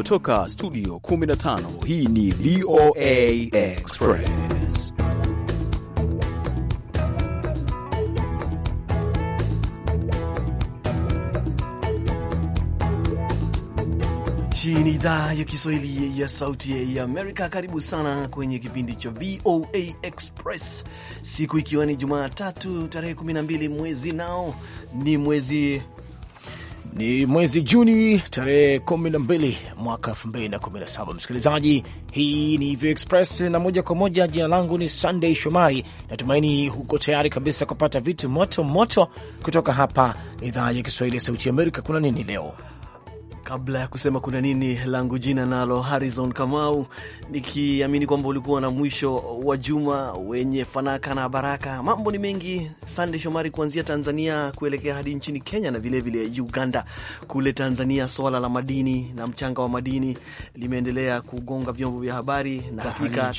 kutoka studio 15 hii ni VOA Express Hii ni idhaa ya Kiswahili ya Sauti ya Amerika. Karibu sana kwenye kipindi cha VOA Express, siku ikiwa ni Jumatatu tarehe 12 mwezi nao ni mwezi ni mwezi Juni tarehe 12 mwaka 217 Msikilizaji, hii ni View Express na moja kwa moja. Jina langu ni Sunday Shomari. Natumaini huko tayari kabisa kupata vitu moto moto kutoka hapa idhaa ya Kiswahili ya Sauti Amerika. Kuna nini leo? Kabla ya kusema kuna nini, langu jina nalo Harrison Kamau, nikiamini kwamba ulikuwa na mwisho wa juma wenye fanaka na baraka. Mambo ni mengi, Sande Shomari, kuanzia Tanzania kuelekea hadi nchini Kenya na vilevile vile Uganda. Kule Tanzania swala la madini na mchanga wa madini limeendelea kugonga vyombo vya habari, na hakika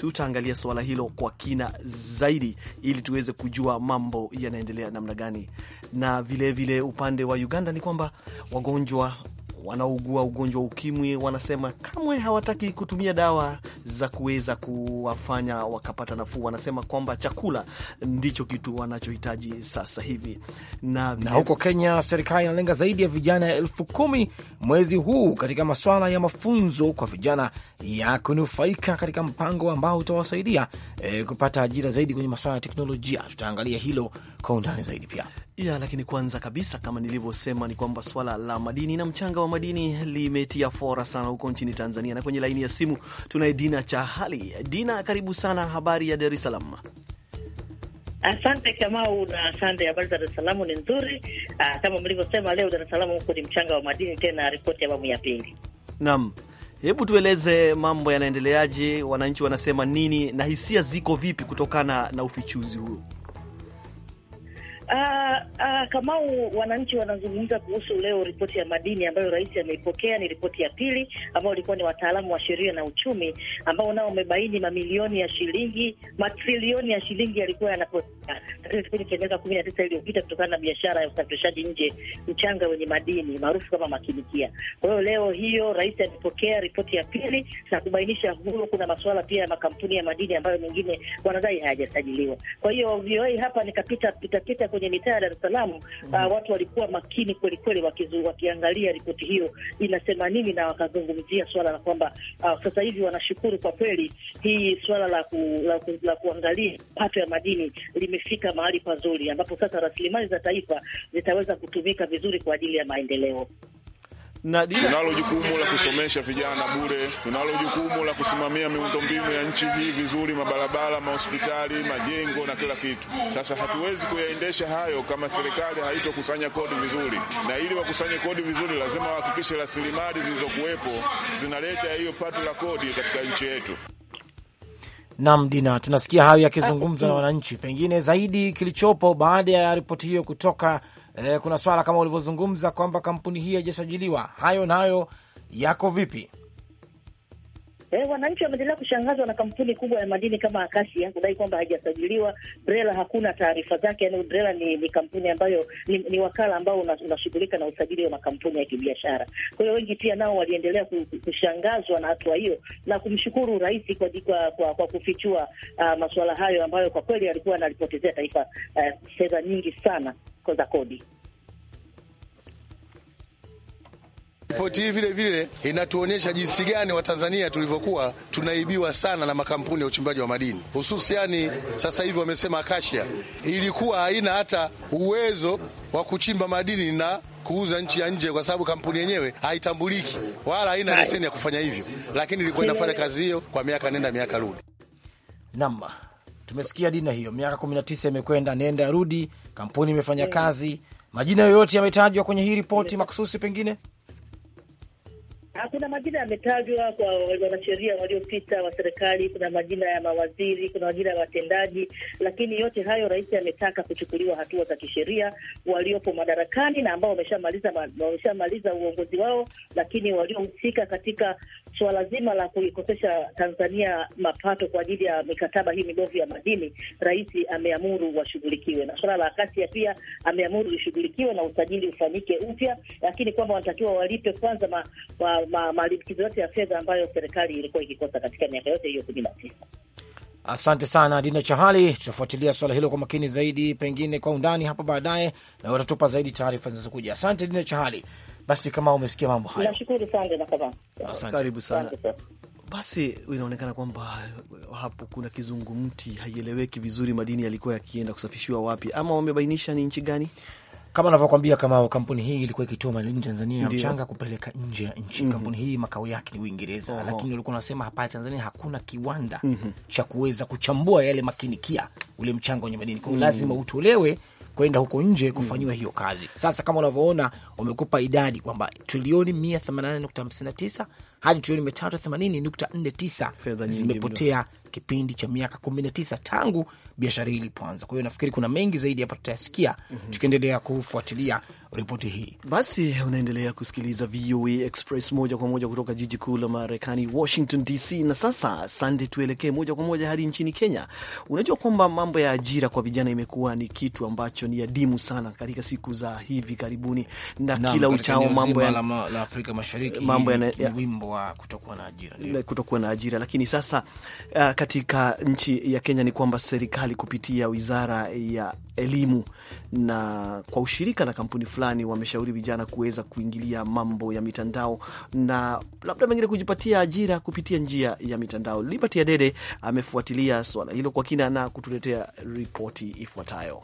tutaangalia swala hilo kwa kina zaidi, ili tuweze kujua mambo yanaendelea namna gani na vilevile vile upande wa Uganda ni kwamba wagonjwa wanaougua ugonjwa wa ukimwi wanasema kamwe hawataki kutumia dawa za kuweza kuwafanya wakapata nafuu. Wanasema kwamba chakula ndicho kitu wanachohitaji sasa hivi. Na, na huko Kenya serikali inalenga zaidi ya vijana ya elfu kumi mwezi huu katika maswala ya mafunzo kwa vijana ya kunufaika katika mpango ambao utawasaidia e, kupata ajira zaidi kwenye maswala ya teknolojia. Tutaangalia hilo kwa undani zaidi pia ya, lakini kwanza kabisa kama nilivyosema ni kwamba swala la madini na mchanga wa madini limetia fora sana huko nchini Tanzania, na kwenye laini ya simu tunaye Dina Chahali. Dina, karibu sana. Habari ya Dar es Salaam? Asante Kamau na asante. Habari za Dar es Salaam ni nzuri. Aa, ah, kama mlivyosema leo Dar es Salaam huko ni mchanga wa madini, tena ripoti ya awamu ya pili. Naam, hebu tueleze mambo yanaendeleaje, wananchi wanasema nini na hisia ziko vipi kutokana na ufichuzi huo? Uh, ah, uh, ah, kama wananchi wanazungumza kuhusu leo ripoti ya madini ambayo rais ameipokea, ni ripoti ya pili ambayo ilikuwa ni wataalamu wa sheria na uchumi ambao nao wamebaini mamilioni ya shilingi, matrilioni ya shilingi yalikuwa yanapotea kipindi cha miaka kumi na tisa iliyopita kutokana na biashara ya usafirishaji nje mchanga wenye madini maarufu kama makinikia. Kwa hiyo leo hiyo rais amepokea ripoti ya pili na kubainisha huo kuna masuala pia ya makampuni ya madini ambayo mengine wanadai hayajasajiliwa. Kwa hiyo VOA hapa nikapita pitapita kwenye mitaa ya Dar es Salaam uh, mm uh, watu walikuwa makini kweli kweli, wakiangalia ripoti hiyo inasema nini, na wakazungumzia swala la kwamba uh, sasa hivi wanashukuru kwa kweli, hii swala la, ku, la, ku, la kuangalia pato ya madini limefika mahali pazuri, ambapo sasa rasilimali za taifa zitaweza kutumika vizuri kwa ajili ya maendeleo. Tunalo jukumu la kusomesha vijana bure, tunalo jukumu la kusimamia miundombinu ya nchi hii vizuri, mabarabara, mahospitali, majengo na kila kitu. Sasa hatuwezi kuyaendesha hayo kama serikali haitokusanya kodi vizuri, na ili wakusanye kodi vizuri, lazima wahakikishe rasilimali zilizokuwepo zinaleta hiyo pato la kodi katika nchi yetu. Nam Dina, tunasikia hayo yakizungumzwa na wananchi. Pengine zaidi kilichopo baada ya ripoti hiyo kutoka e, kuna swala kama ulivyozungumza kwamba kampuni hii haijasajiliwa, hayo nayo yako vipi? Eh, wananchi wameendelea kushangazwa na kampuni kubwa ya madini kama Akasia kudai kwamba haijasajiliwa BRELA, hakuna taarifa zake. Yani BRELA ni, ni kampuni ambayo ni, ni wakala ambao unashughulika na usajili wa makampuni ya kibiashara. Kwa hiyo wengi pia nao waliendelea kushangazwa na hatua hiyo na kumshukuru rais kwa, kwa, kwa, kwa kufichua uh, masuala hayo ambayo kwa kweli alikuwa analipotezea taifa uh, fedha nyingi sana za kodi. Ripoti hii vile vile inatuonyesha jinsi gani Watanzania tulivyokuwa tunaibiwa sana na makampuni ya uchimbaji wa madini, hususiani sasa hivi wamesema Acacia ilikuwa haina hata uwezo wa kuchimba madini na kuuza nchi ya nje kwa sababu kampuni yenyewe haitambuliki wala haina leseni ya kufanya hivyo, lakini ilikuwa inafanya kazi hiyo kwa miaka nenda miaka rudi. Naam, tumesikia dina hiyo, miaka 19 imekwenda nenda rudi, kampuni imefanya kazi. Majina yoyote yametajwa kwenye hii ripoti makususi pengine Ah, kuna majina yametajwa kwa wanasheria waliopita wa serikali, kuna majina ya mawaziri, kuna majina ya watendaji, lakini yote hayo rais ametaka kuchukuliwa hatua za kisheria waliopo madarakani na ambao wameshamaliza wameshamaliza uongozi wao, lakini waliohusika katika suala zima la kuikosesha Tanzania mapato kwa ajili ya mikataba hii mibovu ya madini, rais ameamuru washughulikiwe, na suala la Akasia pia ameamuru lishughulikiwe na usajili ufanyike upya, lakini kwamba wanatakiwa walipe kwanza ma, ma, malimbikizo yote ya fedha ambayo serikali ilikuwa ikikosa katika miaka yote hiyo kumi na tisa. Asante sana Dina Chahali, tutafuatilia swala hilo kwa makini zaidi, pengine kwa undani hapo baadaye, na watatupa zaidi taarifa zinazokuja. Asante Dina Chahali. Basi kama umesikia mambo hayo, nashukuru sana. Karibu sana. Basi inaonekana kwamba hapo kuna kizungumti, haieleweki vizuri, madini yalikuwa yakienda kusafishiwa wapi, ama wamebainisha ni nchi gani? kama anavyokwambia kama kampuni hii ilikuwa ikitoa madini Tanzania ya mchanga kupeleka nje ya nchi. mm -hmm. Kampuni hii makao yake ni Uingereza. uh Lakini walikuwa wanasema hapa Tanzania hakuna kiwanda mm -hmm. cha kuweza kuchambua yale makinikia, ule mchanga wenye madini, kwa hiyo mm -hmm. lazima utolewe kwenda huko nje kufanyiwa mm. hiyo kazi. Sasa kama unavyoona, wamekupa idadi kwamba trilioni 188.59 hadi trilioni 380.49 zimepotea kipindi cha miaka 19 tangu biashara hii ilipoanza. Kwa hiyo nafikiri kuna mengi zaidi hapa tutayasikia, mm -hmm. tukiendelea kufuatilia ripoti hii. Basi unaendelea kusikiliza VOA Express moja kwa moja kutoka jiji kuu la Marekani, Washington DC. Na sasa Sande, tuelekee moja kwa moja hadi nchini Kenya. Unajua kwamba mambo ya ajira kwa vijana imekuwa ni kitu ambacho ni adimu sana katika siku za hivi karibuni na, na kila uchao mambo ya la Afrika Mashariki, mambo ya, ya, ya, wa kutokuwa na ajira, ndio kutokuwa na ajira. Lakini sasa uh, katika nchi ya Kenya ni kwamba serikali kupitia wizara ya elimu na kwa ushirika na kampuni fulani wameshauri vijana kuweza kuingilia mambo ya mitandao na labda mengine kujipatia ajira kupitia njia ya mitandao. Liberty Adede amefuatilia swala hilo kwa kina na kutuletea ripoti ifuatayo.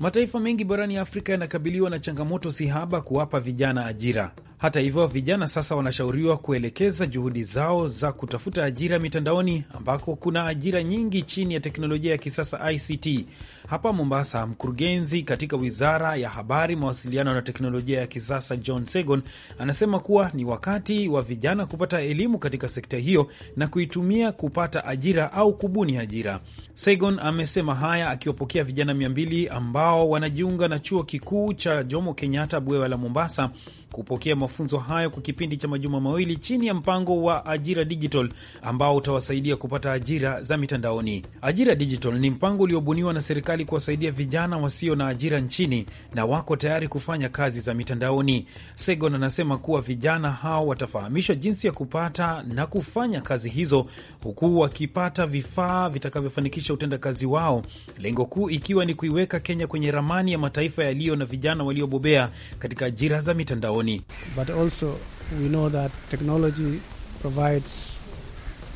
Mataifa mengi barani Afrika yanakabiliwa na changamoto si haba kuwapa vijana ajira. Hata hivyo, vijana sasa wanashauriwa kuelekeza juhudi zao za kutafuta ajira mitandaoni, ambako kuna ajira nyingi chini ya teknolojia ya kisasa ICT. Hapa Mombasa, mkurugenzi katika wizara ya habari, mawasiliano na teknolojia ya kisasa John Segon anasema kuwa ni wakati wa vijana kupata elimu katika sekta hiyo na kuitumia kupata ajira au kubuni ajira. Segon amesema haya akiwapokea vijana mia mbili ambao wanajiunga na chuo kikuu cha Jomo Kenyatta bwewa la Mombasa kupokea mafunzo hayo kwa kipindi cha majuma mawili chini ya mpango wa Ajira Digital ambao utawasaidia kupata ajira za mitandaoni. Ajira Digital ni mpango uliobuniwa na serikali kuwasaidia vijana wasio na ajira nchini na wako tayari kufanya kazi za mitandaoni. Segon anasema kuwa vijana hao watafahamishwa jinsi ya kupata na kufanya kazi hizo huku wakipata vifaa vitakavyofanikisha utendakazi wao, lengo kuu ikiwa ni kuiweka Kenya kwenye ramani ya mataifa yaliyo na vijana waliobobea katika ajira za mitandaoni sokoni. But also we know that technology provides,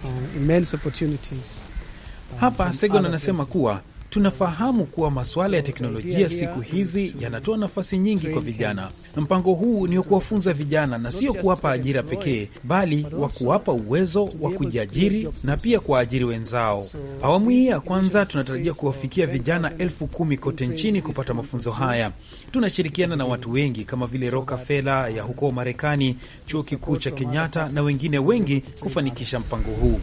uh, immense opportunities. Uh, Hapa Segon anasema kuwa Tunafahamu kuwa masuala ya teknolojia siku hizi yanatoa nafasi nyingi kwa vijana. Mpango huu ni wa kuwafunza vijana na sio kuwapa ajira pekee, bali wa kuwapa uwezo wa kujiajiri na pia kuwaajiri wenzao. Awamu hii ya kwanza tunatarajia kuwafikia vijana elfu kumi kote nchini kupata mafunzo haya. Tunashirikiana na watu wengi kama vile Rockefeller ya huko Marekani, chuo kikuu cha Kenyatta na wengine wengi kufanikisha mpango huu.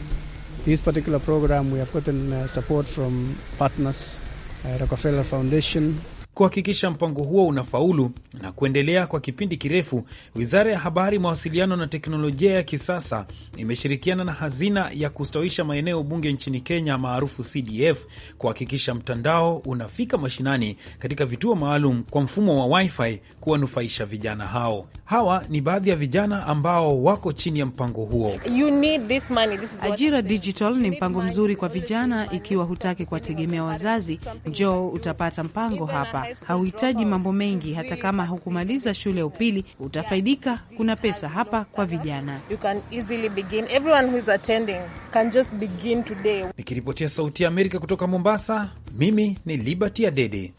This particular program, we have gotten uh, support from partners, uh, Rockefeller Foundation, kuhakikisha mpango huo unafaulu na kuendelea kwa kipindi kirefu, Wizara ya Habari, Mawasiliano na Teknolojia ya Kisasa imeshirikiana na Hazina ya Kustawisha Maeneo Bunge nchini Kenya maarufu CDF kuhakikisha mtandao unafika mashinani katika vituo maalum kwa mfumo wa wifi kuwanufaisha vijana hao. Hawa ni baadhi ya vijana ambao wako chini ya mpango huo. You need this money, this Ajira Digital ni mpango mzuri kwa vijana. Ikiwa hutaki kuwategemea wazazi, njoo utapata mpango hapa hauhitaji mambo mengi. Hata kama hukumaliza shule ya upili, utafaidika. Kuna pesa hapa kwa vijana. Nikiripotia Sauti ya Amerika kutoka Mombasa, mimi ni Liberty Adede.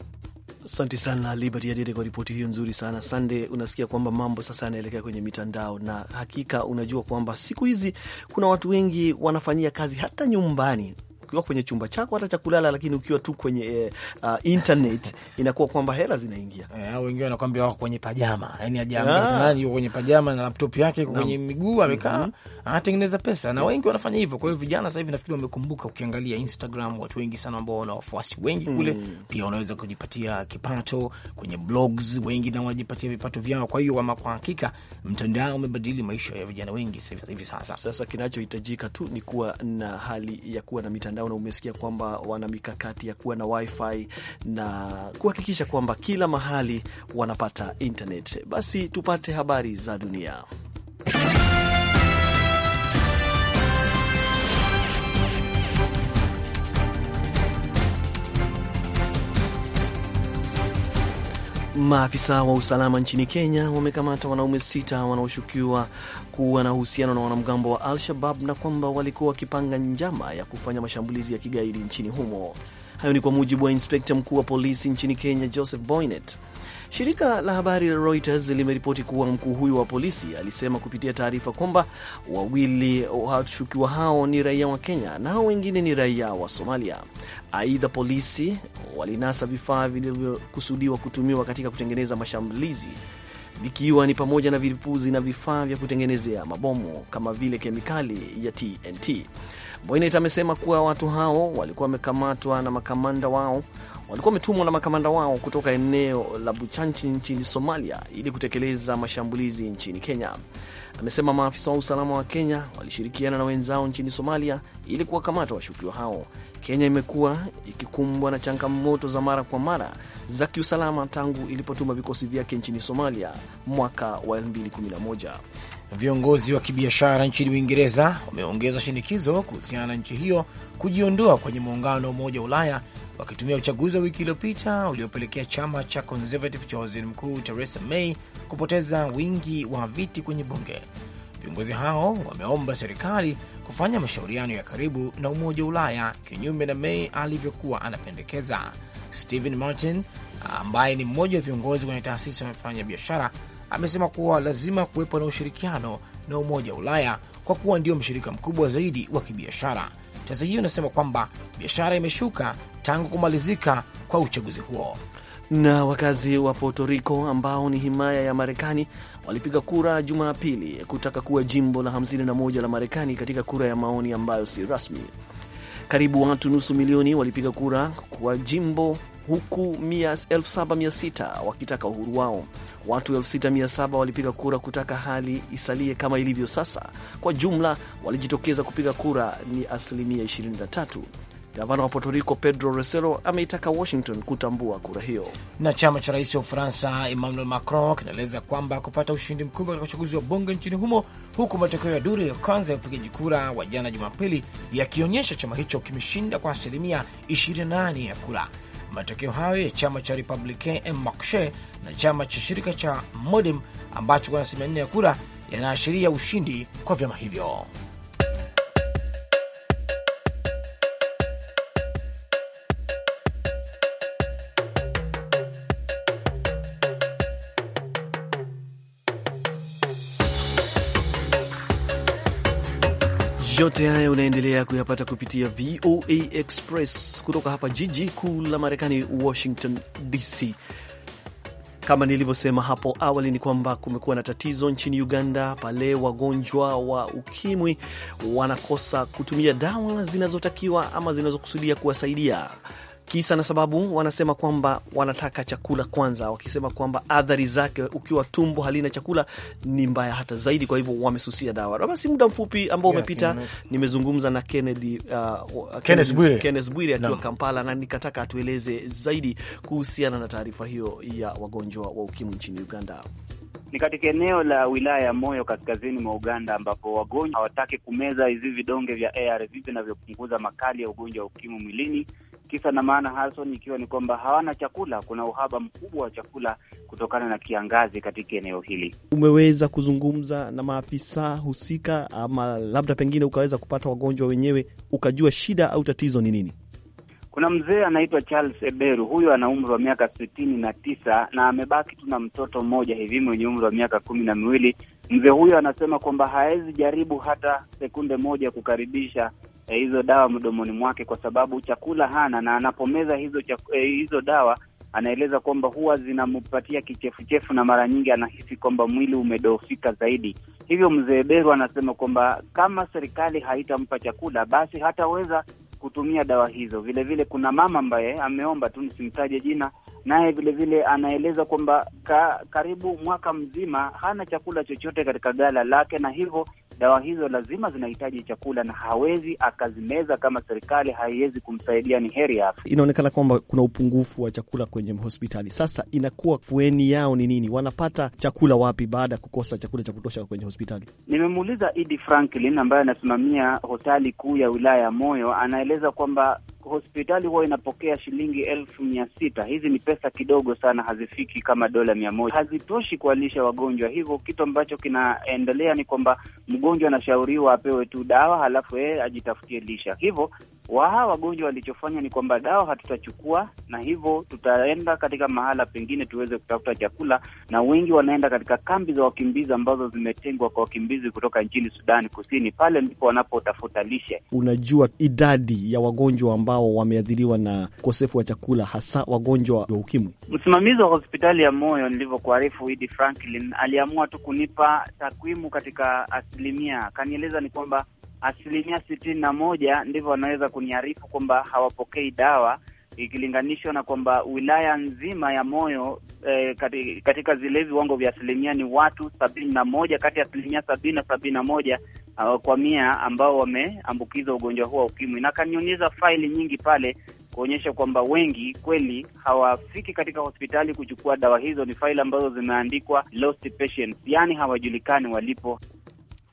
Asante sana Liberty Adede kwa ripoti hiyo nzuri sana Sande. Unasikia kwamba mambo sasa yanaelekea kwenye mitandao, na hakika unajua kwamba siku hizi kuna watu wengi wanafanyia kazi hata nyumbani, ukiwa kwenye chumba chako hata cha kulala, lakini ukiwa tu kwenye uh, internet inakuwa kwamba hela zinaingia. Eh, wengine wanakwambia wako kwenye pajama, yani ajaamani ah. yuko kwenye pajama na laptop yake iko kwenye miguu amekaa, mhm. anatengeneza pesa, na wengi wanafanya hivyo. Kwa hiyo vijana sasa hivi nafikiri wamekumbuka, ukiangalia Instagram watu wengi sana ambao wana wafuasi wengi kule, mm pia wanaweza kujipatia kipato kwenye blogs, wengi na wajipatia vipato vyao. Kwa hiyo ama kwa hakika mtandao umebadili maisha ya vijana wengi sasa hivi sasa. Sasa kinachohitajika tu ni kuwa na hali ya kuwa na mitandao na umesikia kwamba wana mikakati ya kuwa na wifi na kuhakikisha kwamba kila mahali wanapata internet. Basi tupate habari za dunia. Maafisa wa usalama nchini Kenya wamekamata wanaume sita wanaoshukiwa kuwa na uhusiano na wanamgambo wa Al-Shabab na kwamba walikuwa wakipanga njama ya kufanya mashambulizi ya kigaidi nchini humo. Hayo ni kwa mujibu wa inspekta mkuu wa polisi nchini Kenya, Joseph Boynet. Shirika la habari la Reuters limeripoti kuwa mkuu huyu wa polisi alisema kupitia taarifa kwamba wawili washukiwa hao ni raia wa Kenya na hao wengine ni raia wa Somalia. Aidha, polisi walinasa vifaa vilivyokusudiwa kutumiwa katika kutengeneza mashambulizi vikiwa ni pamoja na vilipuzi na vifaa vya kutengenezea mabomu kama vile kemikali ya TNT. Boynet amesema kuwa watu hao walikuwa wamekamatwa na makamanda wao walikuwa wametumwa na makamanda wao kutoka eneo la Buchanchi nchini Somalia ili kutekeleza mashambulizi nchini Kenya. Amesema maafisa wa usalama wa Kenya walishirikiana na wenzao nchini Somalia ili kuwakamata washukiwa hao. Kenya imekuwa ikikumbwa na changamoto za mara kwa mara za kiusalama tangu ilipotuma vikosi vyake nchini Somalia mwaka wa 2011. Viongozi wa kibiashara nchini Uingereza wameongeza shinikizo kuhusiana na nchi hiyo kujiondoa kwenye muungano wa Umoja wa Ulaya wakitumia uchaguzi wa wiki iliyopita uliopelekea chama cha Conservative cha waziri mkuu Theresa May kupoteza wingi wa viti kwenye bunge. Viongozi hao wameomba serikali kufanya mashauriano ya karibu na Umoja wa Ulaya kinyume na May alivyokuwa anapendekeza. Stephen Martin ambaye ni mmoja wa viongozi kwenye taasisi wanaofanya biashara amesema kuwa lazima kuwepo na ushirikiano na Umoja wa Ulaya kwa kuwa ndio mshirika mkubwa zaidi wa kibiashara. Tasa hiyo inasema kwamba biashara imeshuka tangu kumalizika kwa uchaguzi huo. Na wakazi wa Puerto Rico ambao ni himaya ya Marekani walipiga kura Jumapili kutaka kuwa jimbo la 51 la Marekani katika kura ya maoni ambayo si rasmi. Karibu watu nusu milioni walipiga kura kwa jimbo huku 7600 wakitaka uhuru wao. Watu 6700 walipiga kura kutaka hali isalie kama ilivyo sasa. Kwa jumla walijitokeza kupiga kura ni asilimia 23. Gavana wa Puerto Rico Pedro Reselo ameitaka Washington kutambua kura hiyo. Na chama cha rais wa Ufaransa Emmanuel Macron kinaeleza kwamba kupata ushindi mkubwa katika uchaguzi wa bunge nchini humo, huku matokeo ya duru ya kwanza ya upigaji kura wa jana Jumapili yakionyesha chama hicho kimeshinda kwa asilimia 28 ya kura. Matokeo hayo ya chama cha republican Mmarche na chama cha shirika cha Modem ambacho kuna asilimia nne ya kura yanaashiria ushindi kwa vyama hivyo. Yote haya unaendelea kuyapata kupitia VOA Express kutoka hapa jiji kuu la Marekani, Washington DC. Kama nilivyosema hapo awali ni kwamba kumekuwa na tatizo nchini Uganda pale wagonjwa wa ukimwi wanakosa kutumia dawa zinazotakiwa ama zinazokusudia kuwasaidia Kisa na sababu, wanasema kwamba wanataka chakula kwanza, wakisema kwamba athari zake ukiwa tumbo halina chakula ni mbaya hata zaidi. Kwa hivyo wamesusia dawa. Basi muda mfupi ambao umepita, nimezungumza na Kennedy, uh, Kenneth Bwire akiwa no. Kampala, na nikataka atueleze zaidi kuhusiana na taarifa hiyo ya wagonjwa wa ukimwi nchini Uganda. Ni katika eneo la wilaya ya Moyo kaskazini mwa Uganda ambapo wagonjwa hawataki kumeza hizi vidonge vya ARV vinavyopunguza makali ya ugonjwa wa ukimwi mwilini Kisa na maana Harrison, ikiwa ni kwamba hawana chakula. Kuna uhaba mkubwa wa chakula kutokana na kiangazi katika eneo hili. Umeweza kuzungumza na maafisa husika, ama labda pengine ukaweza kupata wagonjwa wenyewe ukajua shida au tatizo ni nini? Kuna mzee anaitwa Charles Eberu, huyo ana umri wa miaka sitini na tisa na amebaki tu na mtoto mmoja hivi mwenye umri wa miaka kumi na miwili. Mzee huyo anasema kwamba hawezi jaribu hata sekunde moja kukaribisha eh, hizo dawa mdomoni mwake, kwa sababu chakula hana, na anapomeza hizo chaku, eh, hizo dawa anaeleza kwamba huwa zinampatia kichefuchefu na mara nyingi anahisi kwamba mwili umedofika zaidi. Hivyo mzee Beru anasema kwamba kama serikali haitampa chakula, basi hataweza kutumia dawa hizo. Vilevile vile kuna mama ambaye ameomba tu nisimtaje jina, naye vilevile anaeleza kwamba ka, karibu mwaka mzima hana chakula chochote katika gala lake, na hivyo dawa hizo lazima zinahitaji chakula na hawezi akazimeza kama serikali haiwezi kumsaidia, ni heri afa. Inaonekana kwamba kuna upungufu wa chakula kwenye hospitali. Sasa inakuwa fueni yao ni nini? Wanapata chakula wapi baada ya kukosa chakula cha kutosha kwenye hospitali? Nimemuuliza Idi Franklin ambaye anasimamia hospitali kuu ya wilaya ya Moyo, anaeleza kwamba hospitali huwa inapokea shilingi elfu mia sita. Hizi ni pesa kidogo sana, hazifiki kama dola mia moja, hazitoshi kuwalisha wagonjwa. Hivyo kitu ambacho kinaendelea ni kwamba mgonjwa anashauriwa apewe tu dawa, halafu yeye ajitafutie lisha. Hivyo Waha wagonjwa walichofanya ni kwamba dawa hatutachukua, na hivyo tutaenda katika mahala pengine tuweze kutafuta chakula, na wengi wanaenda katika kambi za wakimbizi ambazo zimetengwa kwa wakimbizi kutoka nchini Sudani Kusini. Pale ndipo wanapotafuta lishe. Unajua idadi ya wagonjwa ambao wameathiriwa na ukosefu wa chakula, hasa wagonjwa wa ukimwi. Msimamizi wa hospitali ya moyo, nilivyokuarifu, Idi Franklin aliamua tu kunipa takwimu katika asilimia, akanieleza ni kwamba asilimia sitini na moja ndivyo wanaweza kuniarifu kwamba hawapokei dawa ikilinganishwa na kwamba wilaya nzima ya Moyo eh, katika zile viwango vya asilimia ni watu sabini na moja kati ya asilimia sabini na sabini na moja uh, kwa mia ambao wameambukiza ugonjwa huu wa ukimwi, na kanionyesha faili nyingi pale kuonyesha kwamba wengi kweli hawafiki katika hospitali kuchukua dawa hizo. Ni faili ambazo zimeandikwa lost patients, yaani hawajulikani walipo.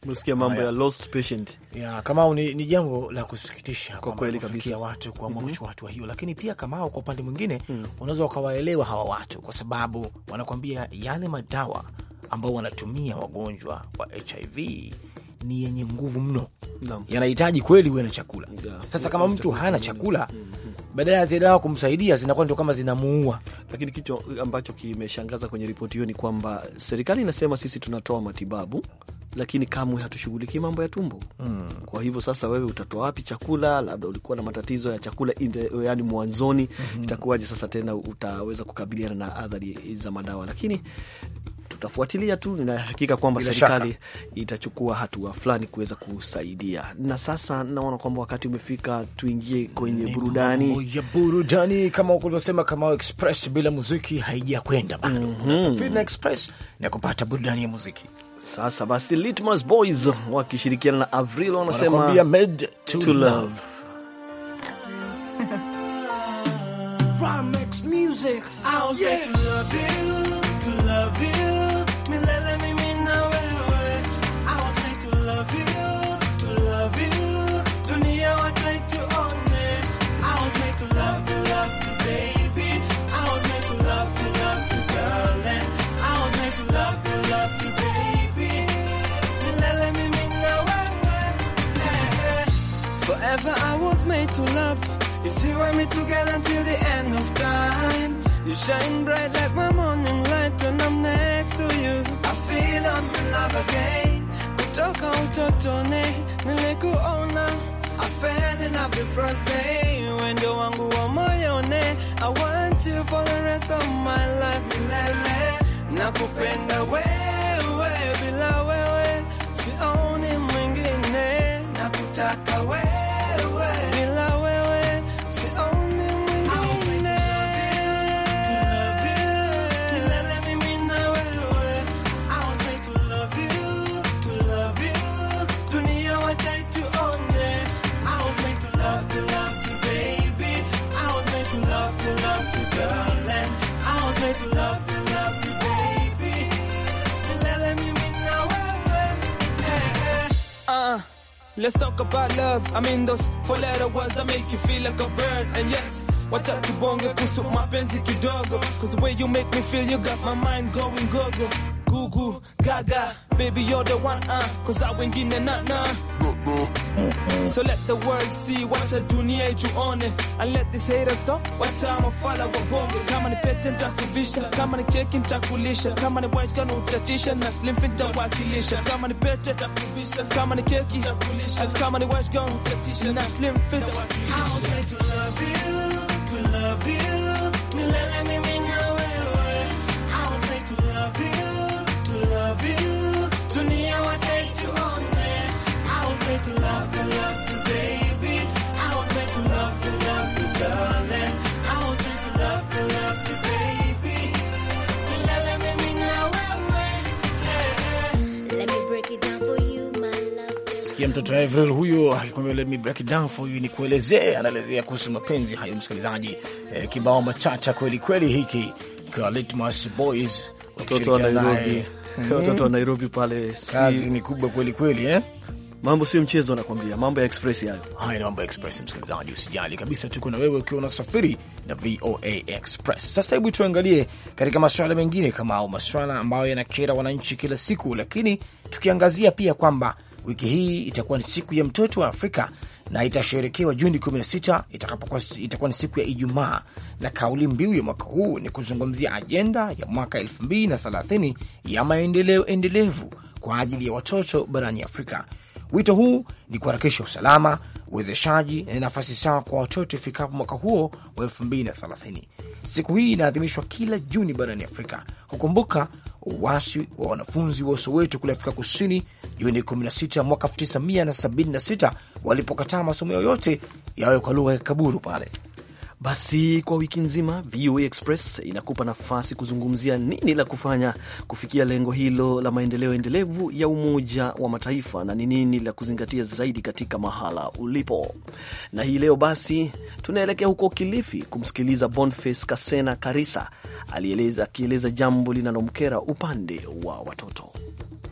Unasikia mambo ya lost patient ya Kamau ni, ni jambo la kusikitisha kwa kweli kabisa, watu kuamua mm -hmm. watu wa hiyo, lakini pia Kamau, kwa upande mwingine mm. unaweza ukawaelewa hawa watu, kwa sababu wanakwambia yale madawa ambao wanatumia wagonjwa wa HIV ni yenye nguvu mno no. yanahitaji kweli uwe na chakula yeah. Sasa kama mtu hana chakula mm -hmm. badala ya zile dawa kumsaidia zinakuwa ndio kama zinamuua. Lakini kitu ambacho kimeshangaza kwenye ripoti hiyo ni kwamba serikali inasema sisi tunatoa matibabu lakini kamwe hatushughulikii mambo ya tumbo mm. Kwa hivyo sasa, wewe utatoa wapi chakula? Labda ulikuwa na matatizo ya chakula the, yani mwanzoni mm -hmm. Itakuwaje sasa tena utaweza kukabiliana na athari za madawa? Lakini tutafuatilia tu, nina hakika kwamba serikali itachukua hatua fulani kuweza kusaidia. Na sasa naona kwamba wakati umefika tuingie kwenye burudani ya burudani, kama ulivyosema, kama express bila muziki haijakwenda bado. mm -hmm. Unasafiri na express na kupata burudani ya muziki sasa basi Litmus Boys wakishirikiana na Avril wanasema made to, to love, love. music. I yeah. made to love you, to love you. Whatever I was made to love is here with me together until the end of time. You shine bright like my morning light when I'm next to you. I feel I'm in love again. kutoka utotoni nilikuona. I fell in love the first day. when Wendo wangu wa moyone. I want you for the rest of my life. Milele nakupenda wewe, bila si sioni mwingine, nakutaka Let's talk about love. I mean those four letter words that make you feel like a bird. And yes, watch out to kibonge kuhusu mapenzi kidogo. Cause the way you make me feel, you got my mind going go-go. Goo goo, gaga. Baby, you're the one, uh. Cause I wingin' na na. So let the world see wacha dunia it, and let these haters talk, wacha mafala wabonge. Kama ni pete nitakuvisha, kama ni keki nitakulisha, Come on, white kana utatisha na slim fit and Kama ni Come on kama ni keki nitakulisha, kama ni white kana utatisha na slim fit I was made to love you, to love you, milele mimi na wewe. I was made to love you, to love you. Sikia mtoto huyo akikwambia let me break it down for you, ni kuelezea, anaelezea kuhusu mapenzi hayo, msikilizaji. Eh, kibao machacha kweli kweli hiki kwa Litmus Boys, watoto wa Nairobi, watoto wa hmm? Nairobi pale. Kazi ni kubwa kweli kweli eh Mambo sio mchezo, nakwambia mambo ya express hayo. Haya ni mambo ya express, msikilizaji, usijali kabisa, tuko na wewe ukiwa unasafiri na VOA Express. Sasa hebu tuangalie katika masuala mengine kama au masuala ambayo yanakera wananchi kila siku, lakini tukiangazia pia kwamba wiki hii itakuwa ni siku ya mtoto wa Afrika na itasherekewa Juni 16 itakapokuwa itakuwa ni siku ya Ijumaa, na kauli mbiu ya mwaka huu ni kuzungumzia ajenda ya mwaka 2030 ya maendeleo endelevu kwa ajili ya watoto barani Afrika. Wito huu ni kuharakisha usalama, uwezeshaji na nafasi sawa kwa watoto ifikapo mwaka huo wa thelathini. Siku hii inaadhimishwa kila Juni barani Afrika kukumbuka uwasi wa wanafunzi wa Soweto kule Afrika Kusini Juni 16 mwaka 1976 walipokataa masomo yoyote yawe kwa lugha ya Kaburu pale basi kwa wiki nzima VOA Express inakupa nafasi kuzungumzia nini la kufanya kufikia lengo hilo la maendeleo endelevu ya Umoja wa Mataifa na ni nini la kuzingatia zaidi katika mahala ulipo. Na hii leo basi tunaelekea huko Kilifi kumsikiliza Boniface Kasena Karisa akieleza jambo linalomkera upande wa watoto.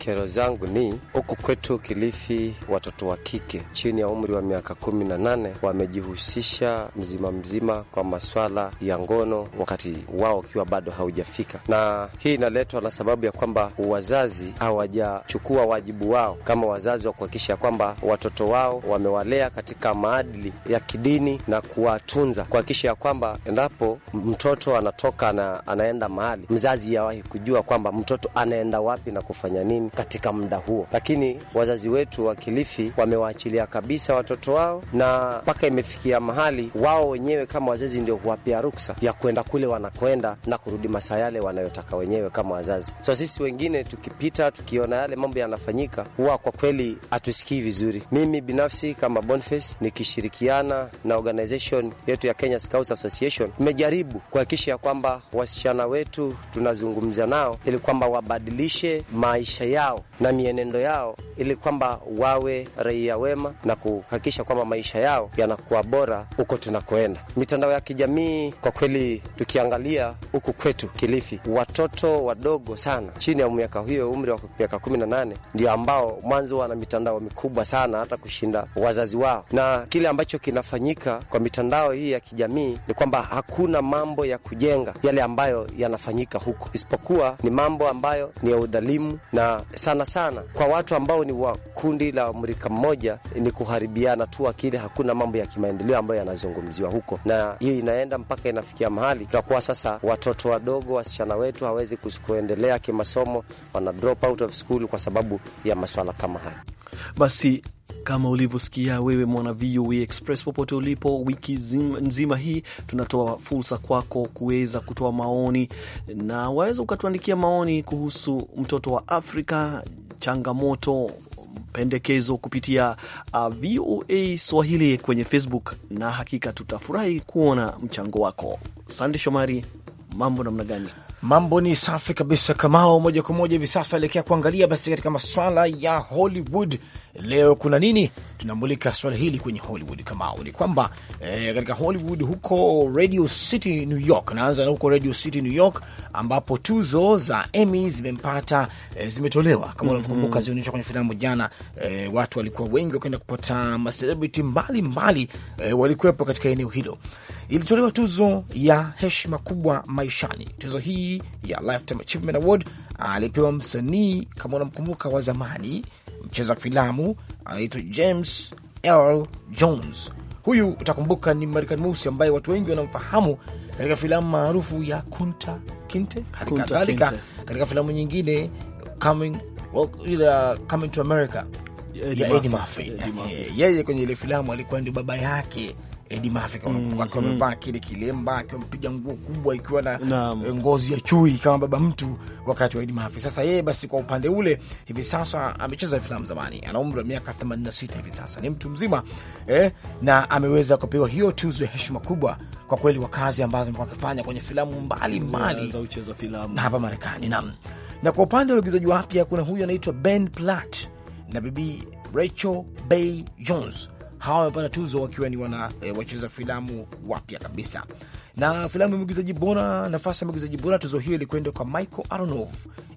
Kero zangu ni huku kwetu Kilifi, watoto wa kike chini ya umri wa miaka kumi na nane wamejihusisha mzima mzima kwa maswala ya ngono, wakati wao ukiwa bado haujafika, na hii inaletwa na sababu ya kwamba wazazi hawajachukua wajibu wao kama wazazi wa kuhakikisha kwamba watoto wao wamewalea katika maadili ya kidini na kuwatunza, kuhakikisha ya kwamba endapo mtoto anatoka na anaenda mahali, mzazi yawahi kujua kwamba mtoto anaenda wapi na kufanya nini katika muda huo, lakini wazazi wetu wa Kilifi wamewaachilia kabisa watoto wao, na mpaka imefikia mahali wao wenyewe kama wazazi ndio huwapia ruksa ya kwenda kule wanakwenda na kurudi masaa yale wanayotaka wenyewe kama wazazi. So sisi wengine tukipita, tukiona yale mambo yanafanyika, huwa kwa kweli hatusikii vizuri. Mimi binafsi kama Boniface nikishirikiana na organization yetu ya Kenya Scouts Association imejaribu kuhakikisha ya kwamba wasichana wetu tunazungumza nao ili kwamba wabadilishe maisha yao na mienendo yao, ili kwamba wawe raia wema na kuhakikisha kwamba maisha yao yanakuwa bora huko tunakoenda. Mitandao ya kijamii kwa kweli, tukiangalia huku kwetu Kilifi, watoto wadogo sana chini ya miaka hiyo, umri wa miaka kumi na nane, ndio ambao mwanzo wana mitandao mikubwa sana hata kushinda wazazi wao. Na kile ambacho kinafanyika kwa mitandao hii ya kijamii ni kwamba hakuna mambo ya kujenga yale ambayo yanafanyika huko, isipokuwa ni mambo ambayo ni ya udhalimu na sana sana kwa watu ambao ni wa kundi la mrika mmoja, ni kuharibiana tu akili. Hakuna mambo ya kimaendeleo ambayo yanazungumziwa huko, na hiyo inaenda mpaka inafikia mahali tunakuwa sasa, watoto wadogo, wasichana wetu hawezi kuendelea kimasomo, wana drop out of school kwa sababu ya maswala kama haya. Basi kama ulivyosikia wewe mwana VOA Express, popote ulipo, wiki nzima hii tunatoa fursa kwako kuweza kutoa maoni, na waweza ukatuandikia maoni kuhusu mtoto wa Afrika, changamoto pendekezo kupitia uh, VOA Swahili kwenye Facebook, na hakika tutafurahi kuona mchango wako. Sande Shomari, mambo namna gani? Mambo ni safi kabisa, Kamao. Moja kwa moja hivi sasa elekea kuangalia basi katika maswala ya Hollywood. Leo kuna nini? Tunamulika swala hili kwenye Hollywood, Kamao. Ni kwamba eh, katika Hollywood huko Radio City New York, naanza na huko Radio City New York ambapo tuzo za Emmy zimempata eh, zimetolewa kama mhm. unavyokumbuka, mm -hmm. Zionyesha kwenye filamu jana. eh, watu walikuwa wengi wakaenda kupata macelebrity mbalimbali eh, walikuwepo katika eneo hilo. Ilitolewa tuzo ya heshima kubwa maishani. Tuzo hii ya Lifetime Achievement Award alipewa msanii kama unamkumbuka wa zamani, mcheza filamu anaitwa James Earl Jones. Huyu utakumbuka ni Marekani mweusi ambaye watu wengi wanamfahamu katika filamu maarufu ya Kunta Kinte, hali katika filamu nyingine Coming, well, uh, Coming to America ya Eddie Murphy. Yeye kwenye ile filamu alikuwa ndio baba yake Eddie Murphy kama mm, amevaa mm. kile kilemba akiwa mpiga nguo kubwa ikiwa na eh, ngozi ya chui kama baba mtu wakati wa Eddie Murphy. Sasa yeye basi kwa upande ule hivi sasa amecheza filamu zamani, ana umri wa miaka 86 hivi sasa ni mtu mzima eh, na ameweza kupewa hiyo tuzo ya heshima kubwa kwa kweli kwa kazi ambazo amekuwa akifanya kwenye filamu mbalimbali hapa Marekani. Naam, na kwa upande wa uigizaji wapya kuna huyu anaitwa Ben Platt na bibi Rachel Bay Jones hawa wamepata tuzo wakiwa ni wana e, wacheza filamu wapya kabisa. Na filamu ya mwigizaji bora, nafasi ya mwigizaji bora, tuzo hiyo ilikwenda kwa Michael Aronov.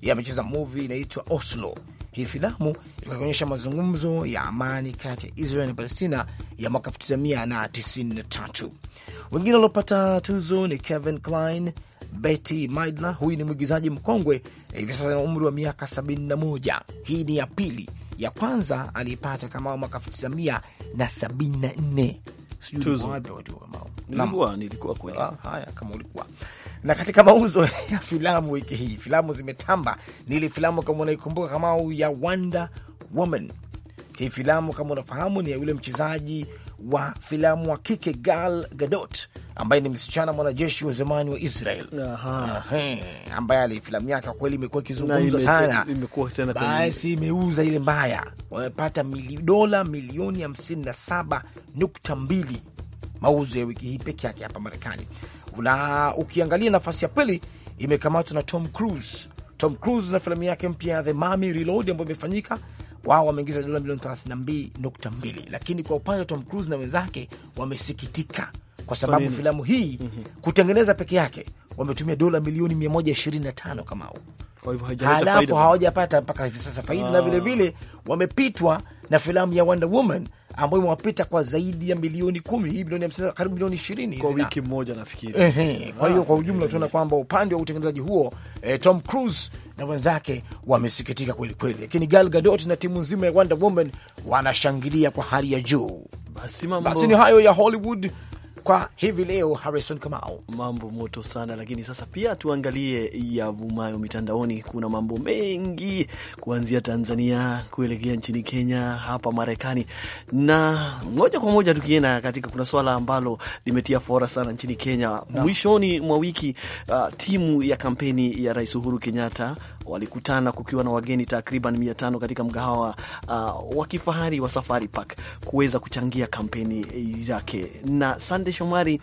Yeye amecheza movi inaitwa Oslo. Hii filamu ikaonyesha mazungumzo ya amani kati ya Israel na Palestina ya mwaka 1993. Wengine waliopata tuzo ni Kevin Kline, Betty Midler, huyu ni mwigizaji mkongwe eh, hivi sasa na umri wa miaka 71. Hii ni ya pili ya kwanza aliyepata kama mwaka 1974 ah, kama ulikuwa na katika mauzo ya filamu wiki hii filamu zimetamba. Ni ile filamu kama unaikumbuka kama ya Wonder Woman. Hii filamu kama unafahamu ni ya yule mchezaji wa filamu wa kike Gal Gadot ambaye ni msichana mwanajeshi wa zamani wa Israel ambaye ali filamu yake kwa kweli imekuwa ikizungumza sana, basi imeuza ile mbaya, wamepata dola milioni 57.2 mauzo ya wiki hii peke yake hapa Marekani. Na ukiangalia nafasi ya pili imekamatwa na Tom Cruise. Tom Cruise na filamu yake mpya ya The Mummy Reload ambayo imefanyika wao wameingiza dola milioni 32.2, lakini kwa upande wa Tom Cruise na wenzake wamesikitika kwa sababu filamu hii mm -hmm. kutengeneza peke yake wametumia dola milioni 125 kama halafu hawajapata mpaka hivi sasa faida, na vilevile ah. vile, wamepitwa na filamu ya Wonder Woman ambayo imewapita kwa zaidi ya milioni kumi, hii milioni hamsini, karibu milioni ishirini kwa wiki moja nafikiri. Ehe, kwa hiyo ah, kwa ujumla tunaona kwamba upande wa utengenezaji huo eh, Tom Cruise na wenzake wamesikitika kweli kweli, lakini Gal Gadot na timu nzima ya Wonder Woman wanashangilia kwa hali ya juu. Basi mambo, basi ni hayo ya Hollywood kwa hivi leo, Harrison Kamau. Mambo moto sana, lakini sasa pia tuangalie yavumayo mitandaoni. Kuna mambo mengi kuanzia Tanzania kuelekea nchini Kenya, hapa Marekani, na moja kwa moja tukienda katika, kuna swala ambalo limetia fora sana nchini Kenya no. Mwishoni mwa wiki uh, timu ya kampeni ya Rais Uhuru Kenyatta walikutana kukiwa na wageni takriban mia tano katika mgahawa uh, wa kifahari wa Safari Park kuweza kuchangia kampeni yake na Sunday Shomari,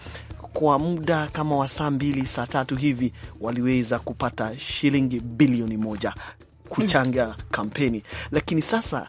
kwa muda kama wa saa mbili saa tatu hivi waliweza kupata shilingi bilioni moja kuchanga kampeni, lakini sasa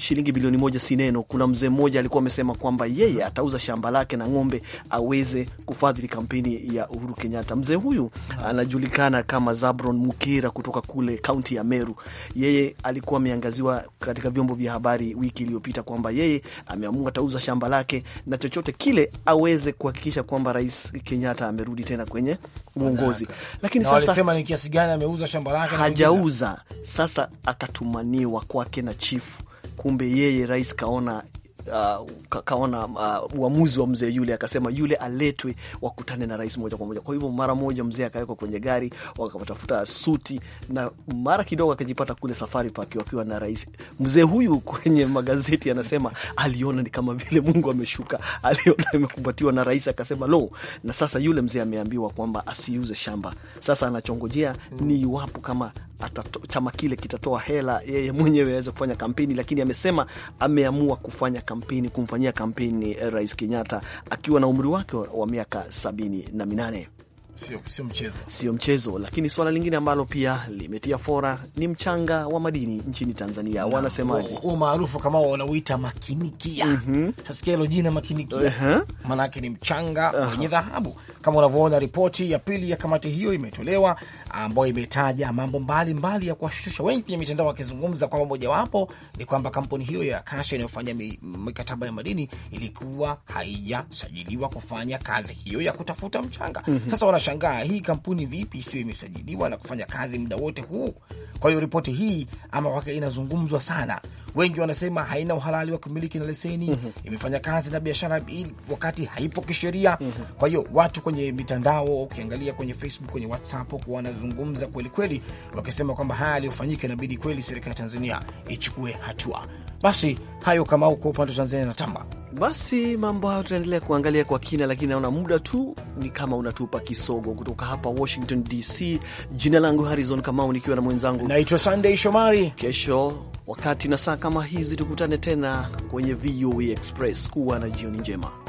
shilingi bilioni moja si neno. Kuna mzee mmoja alikuwa amesema kwamba yeye atauza shamba lake na ng'ombe aweze kufadhili kampeni ya Uhuru Kenyatta. Mzee huyu anajulikana kama Zabron Mukira kutoka kule kaunti ya Meru. Yeye alikuwa ameangaziwa katika vyombo vya habari wiki iliyopita kwamba yeye ameamua atauza shamba lake na chochote kile aweze kuhakikisha kwamba Rais Kenyatta amerudi tena kwenye uongozi, lakini na ni kiasi gani ameuza shamba lake? Hajauza. Sasa akatumaniwa kwake na chifu kumbe yeye rais kaona uh, kaona uh, uamuzi wa mzee yule, akasema yule aletwe wakutane na rais moja kwa moja. Kwa hivyo mara moja mzee akawekwa kwenye gari, wakatafuta suti, na mara kidogo akajipata kule safari paki wakiwa na rais. Mzee huyu kwenye magazeti anasema aliona ni kama vile Mungu ameshuka, aliona amekumbatiwa na rais, akasema lo. Na sasa yule mzee ameambiwa kwamba asiuze shamba. Sasa anachongojea ni iwapo kama atato, chama kile kitatoa hela yeye mwenyewe aweze kufanya kampeni, lakini amesema ameamua kufanya kampeni kumfanyia kampeni eh, Rais Kenyatta akiwa na umri wake wa miaka sabini na minane sio, sio mchezo, sio mchezo. Lakini swala lingine ambalo pia limetia fora ni mchanga wa madini nchini Tanzania, wanasemaje? Huo maarufu kama wanauita makinikia. mm -hmm. Tasikia hilo jina makinikia. uh -huh. Maanake ni mchanga uh -huh. wenye dhahabu kama unavyoona. Ripoti ya pili ya kamati hiyo imetolewa, ambayo imetaja mambo mbalimbali ya kuwashtusha wengi kwenye mitandao wakizungumza, kwamba mojawapo ni kwamba kampuni hiyo ya Kasha inayofanya mikataba ya madini ilikuwa haijasajiliwa kufanya kazi hiyo ya kutafuta mchanga. mm -hmm. Sasa kushangaa hii kampuni vipi isiwe imesajiliwa na kufanya kazi muda wote huu. Kwa hiyo ripoti hii ama kwake inazungumzwa sana wengi wanasema haina uhalali wa kumiliki na leseni mm -hmm. imefanya kazi na biashara wakati haipo kisheria mm -hmm. kwa hiyo watu kwenye mitandao, ukiangalia kwenye Facebook, kwenye WhatsApp huko wanazungumza kwelikweli, wakisema kwamba haya aliyofanyika inabidi kweli serikali ya Tanzania ichukue hatua. Basi hayo kama huko upande wa Tanzania na tamba basi mambo hayo tunaendelea kuangalia kwa kina, lakini naona muda tu ni kama unatupa kisogo. Kutoka hapa Washington DC, jina langu Harrison Kamau, nikiwa na mwenzangu naitwa Sunday Shomari. Kesho wakati na saa kama hizi tukutane tena kwenye VOA e Express. Kuwa na jioni njema.